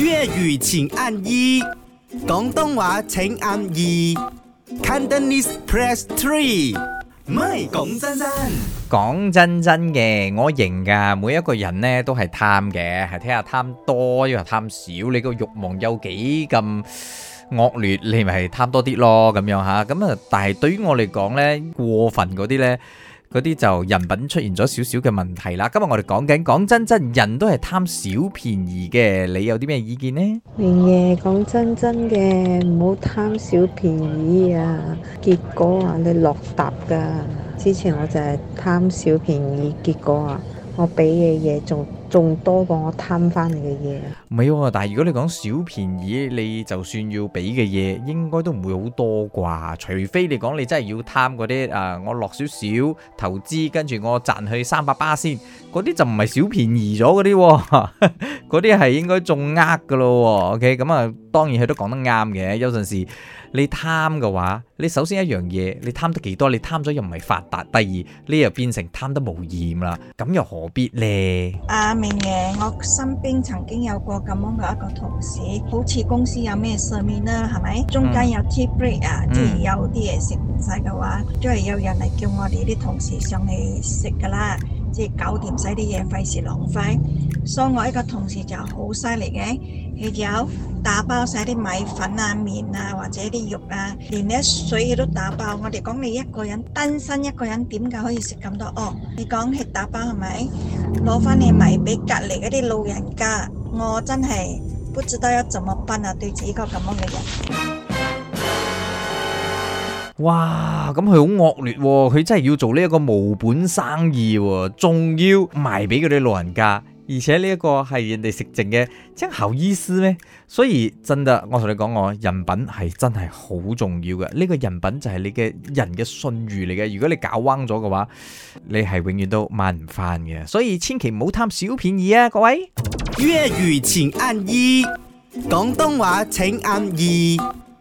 粵語請按一，廣東話請按二，Cantonese press three。唔係講真真，講真真嘅，我認㗎。每一個人咧都係貪嘅，係睇下貪多與貪少，你個慾望有幾咁惡劣，你咪係貪多啲咯，咁樣吓。咁啊，但係對於我嚟講咧，過分嗰啲咧。嗰啲就人品出現咗少少嘅問題啦。今日我哋講緊講真真，人都係貪小便宜嘅。你有啲咩意見呢？明爺講真真嘅，唔好貪小便宜啊！結果啊，你落搭㗎。之前我就係貪小便宜，結果啊。我俾嘅嘢仲仲多過我貪翻嚟嘅嘢啊！唔係，但係如果你講小便宜，你就算要俾嘅嘢，應該都唔會好多啩。除非你講你真係要貪嗰啲啊，我落少少投資，跟住我賺去三百巴仙，嗰啲就唔係小便宜咗嗰啲喎。 嗰啲係應該仲呃噶咯喎，OK 咁啊，當然佢都講得啱嘅。有陣時你貪嘅話，你首先一樣嘢，你貪得幾多？你貪咗又唔係發達。第二，你又變成貪得無厭啦，咁又何必咧？阿、啊、明爺，我身邊曾經有過咁樣嘅一個同事，好似公司有咩 seminar 啦，係咪？中間有 tea break 啊，即係、嗯、有啲嘢食唔晒嘅話，都係、嗯、有人嚟叫我哋啲同事上嚟食噶啦。即係搞掂晒啲嘢，費事浪費。所、so, 以我一個同事就好犀利嘅，佢有打包晒啲米粉啊、麵啊，或者啲肉啊，連啲水佢都打包。我哋講，你一個人單身一個人，點解可以食咁多？哦、oh,，你講係打包係咪？攞翻你米俾隔籬嗰啲老人家，我真係不知道要怎麼辦啊！對自己個咁樣嘅人。哇，咁佢好惡劣喎、哦！佢真係要做呢一個無本生意喎、哦，仲要賣俾佢啲老人家，而且呢一個係人哋食剩嘅，真好意思咩？所以真嘅，我同你講我，我人品係真係好重要嘅。呢、這個人品就係你嘅人嘅信譽嚟嘅。如果你搞彎咗嘅話，你係永遠都買唔翻嘅。所以千祈唔好貪小便宜啊，各位！粵語請按二，廣東話請按二。